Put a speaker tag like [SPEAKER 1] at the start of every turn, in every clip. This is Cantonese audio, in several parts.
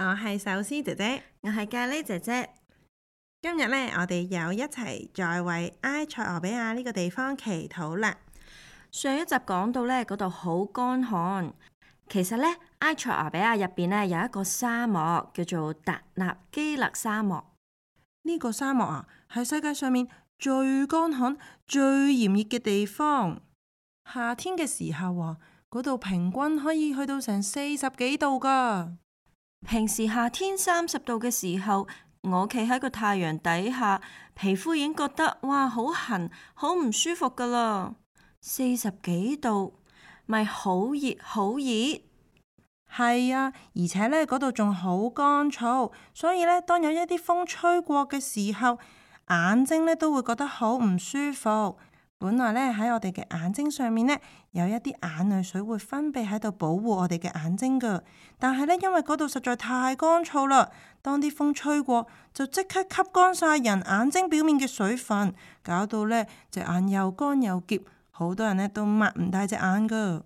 [SPEAKER 1] 我係壽司姐姐，我係咖喱姐姐。今日呢，我哋又一齊再為埃塞俄比亞呢個地方祈禱啦。上一集講到呢，嗰度好乾旱。其實呢，埃塞俄比亞入邊呢有一個沙漠叫做達納基勒沙漠。呢個沙漠啊，係世界上面最乾旱、最炎熱嘅地方。夏天嘅時候啊，嗰度平均可以去到成四十幾度㗎。平時夏天三十度嘅時候，我企喺個太陽底下，皮膚已經覺得哇，好痕，好唔舒服噶啦。四十幾度咪好熱，好熱，係啊！而且呢嗰度仲好乾燥，所以呢，當有一啲風吹過嘅時候，眼睛呢都會覺得好唔舒服。本來咧，喺我哋嘅眼睛上面咧，有一啲眼淚水會分泌喺度保護我哋嘅眼睛噶，但係咧，因為嗰度實在太乾燥啦，當啲風吹過就即刻吸乾晒人眼睛表面嘅水分，搞到呢隻眼又乾又澀，好多人呢都抹唔大隻眼噶。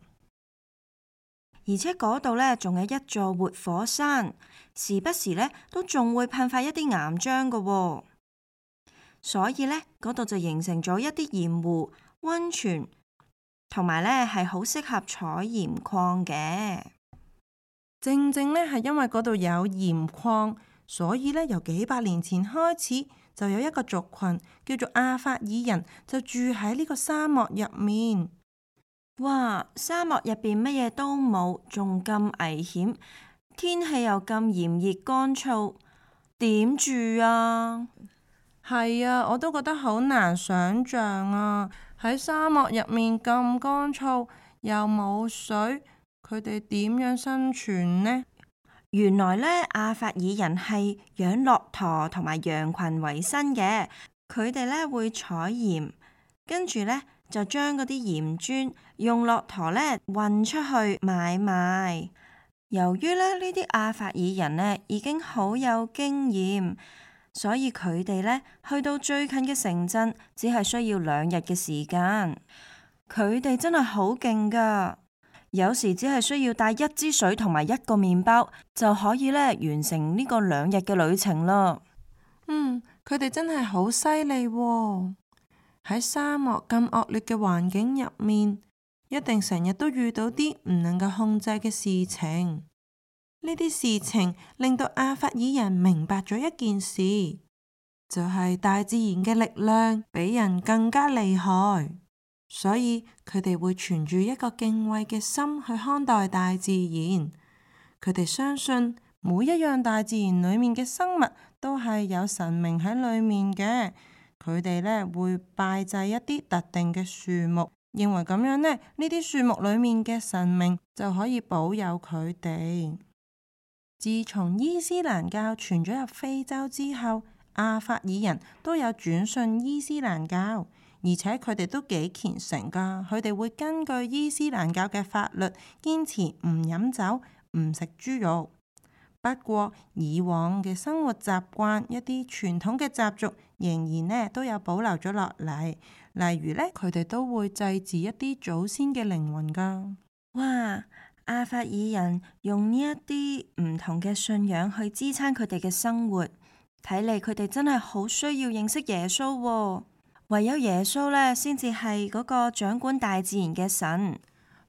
[SPEAKER 1] 而且嗰度呢仲係一座活火山，時不時呢都仲會噴發一啲岩漿噶。所以呢，嗰度就形成咗一啲鹽湖、温泉，同埋呢係好適合採鹽礦嘅。正正呢係因為嗰度有鹽礦，所以呢由幾百年前開始就有一個族群叫做阿法爾人，就住喺呢個沙漠入面。哇！沙漠入邊乜嘢都冇，仲咁危險，天氣又咁炎熱乾燥，點住啊？係啊，我都覺得好難想象啊！喺沙漠入面咁乾燥又冇水，佢哋點樣生存呢？原來呢，阿法爾人係養駱駝同埋羊群為生嘅。佢哋呢會採鹽，跟住呢就將嗰啲鹽磚用駱駝呢運出去買賣。由於呢呢啲阿法爾人呢已經好有經驗。所以佢哋咧去到最近嘅城鎮，只係需要兩日嘅時間。佢哋真係好勁㗎，有時只係需要帶一支水同埋一個麵包，就可以咧完成呢個兩日嘅旅程啦。嗯，佢哋真係好犀利喎！喺沙漠咁惡劣嘅環境入面，一定成日都遇到啲唔能夠控制嘅事情。呢啲事情令到阿法爾人明白咗一件事，就係大自然嘅力量比人更加厲害，所以佢哋會存住一個敬畏嘅心去看待大自然。佢哋相信每一樣大自然裏面嘅生物都係有神明喺裏面嘅，佢哋咧會拜祭一啲特定嘅樹木，認為咁樣咧呢啲樹木裏面嘅神明就可以保佑佢哋。自從伊斯蘭教傳咗入非洲之後，阿法爾人都有轉信伊斯蘭教，而且佢哋都幾虔誠㗎。佢哋會根據伊斯蘭教嘅法律，堅持唔飲酒、唔食豬肉。不過，以往嘅生活習慣、一啲傳統嘅習俗，仍然呢都有保留咗落嚟。例如呢，佢哋都會祭祀一啲祖先嘅靈魂㗎。嘩！阿法爾人用呢一啲唔同嘅信仰去支撐佢哋嘅生活，睇嚟佢哋真係好需要認識耶穌喎。唯有耶穌咧，先至係嗰個掌管大自然嘅神。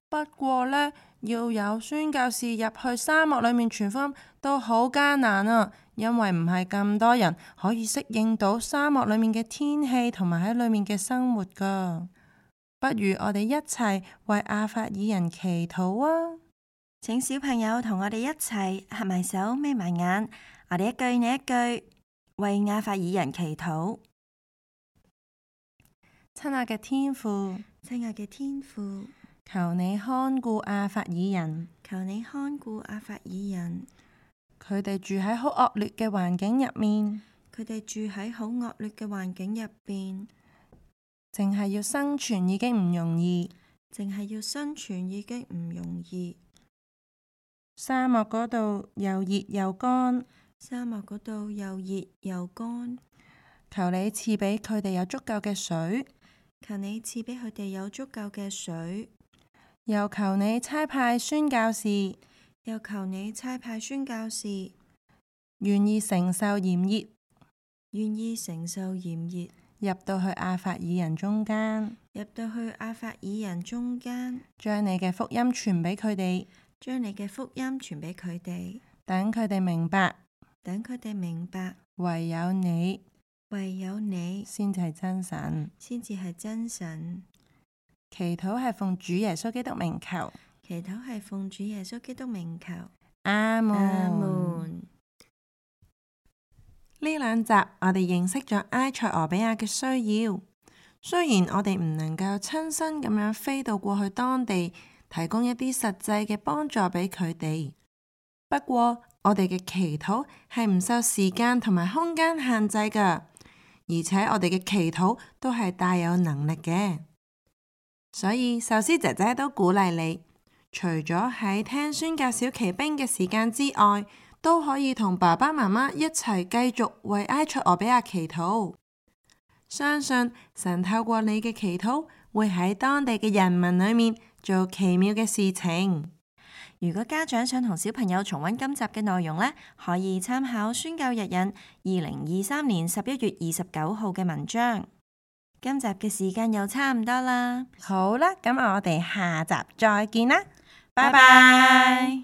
[SPEAKER 1] 不過呢，要有宣教士入去沙漠裏面傳福音都好艱難啊，因為唔係咁多人可以適應到沙漠裏面嘅天氣同埋喺裏面嘅生活噶。不如我哋一齊為阿法爾人祈禱啊！請小朋友同我哋一齊合埋手、眯埋眼，我哋一句你一句，為阿法爾人祈禱。親愛嘅天父，親愛嘅天父，求你看顧阿法爾人，求你看顧阿法爾人。佢哋住喺好惡劣嘅環境入面，佢哋住喺好惡劣嘅環境入邊，淨係要生存已經唔容易，淨係要生存已經唔容易。沙漠嗰度又熱又乾，沙漠度又熱又乾。求你賜俾佢哋有足夠嘅水，求你賜俾佢哋有足夠嘅水。又求你差派宣教士，又求你差派宣教士，願意承受炎熱，願意承受炎熱。入到去阿法爾人中間，入到去阿法爾人中間，將你嘅福音傳俾佢哋，將你嘅福音傳俾佢哋，等佢哋明白，等佢哋明白，唯有你，唯有你先至係真神，先至係真神。祈禱係奉主耶穌基督名求，祈禱係奉主耶穌基督名求。阿門，阿門。呢兩集我哋認識咗埃塞俄比亞嘅需要，雖然我哋唔能夠親身咁樣飛到過去當地。提供一啲實際嘅幫助俾佢哋。不過我哋嘅祈禱係唔受時間同埋空間限制噶，而且我哋嘅祈禱都係帶有能力嘅。所以壽司姐姐都鼓勵你，除咗喺聽《宣教小騎兵》嘅時間之外，都可以同爸爸媽媽一齊繼續為埃塞俄比亞祈禱。相信神透過你嘅祈禱，會喺當地嘅人民裏面做奇妙嘅事情。如果家長想同小朋友重溫今集嘅內容呢，可以參考《宣教日引》二零二三年十一月二十九號嘅文章。今集嘅時間又差唔多啦，好啦，咁我哋下集再見啦，拜拜！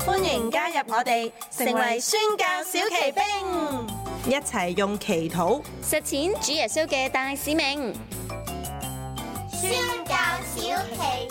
[SPEAKER 1] 歡迎加入我哋，成為宣教小奇兵。一齊用祈禱實踐主耶穌嘅大使命。宣教小奇